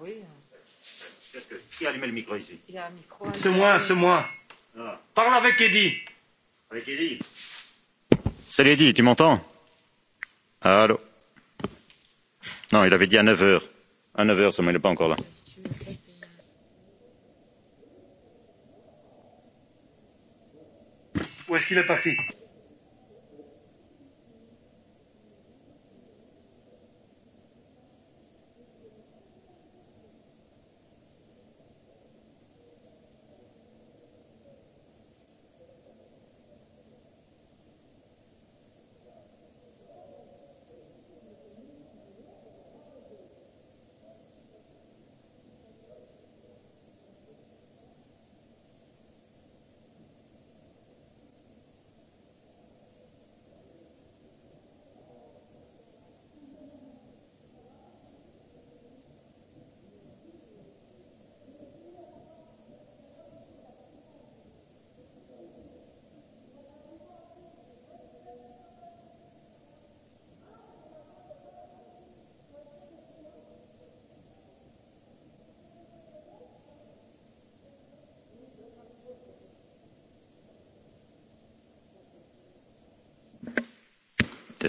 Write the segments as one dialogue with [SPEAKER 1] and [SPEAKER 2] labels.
[SPEAKER 1] oui. Qu'est-ce que... Qui a allumé le micro ici Il y a un micro. C'est moi, c'est moi. Ah. Parle avec Eddie. Avec Eddie. Salut Eddie, tu m'entends Allô Non, il avait dit à 9h. À 9h, ça, mais il n'est pas encore là. Où est-ce qu'il est parti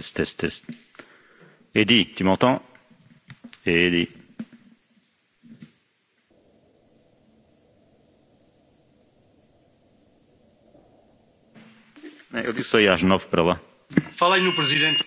[SPEAKER 1] test, test, test. Eddie, tu m'entends Eddie. Eu disse aí às nove para lá. Fala no presidente.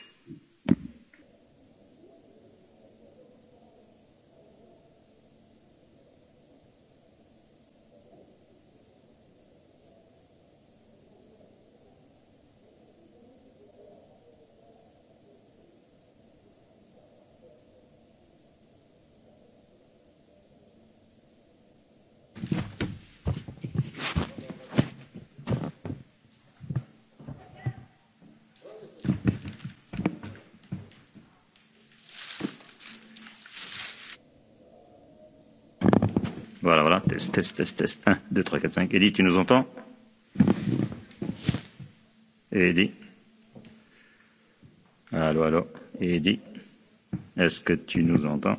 [SPEAKER 1] Test, test, test, test. 1, 2, 3, 4, 5. Eddy, tu nous entends Eddy Allô, allô Eddy Est-ce que tu nous entends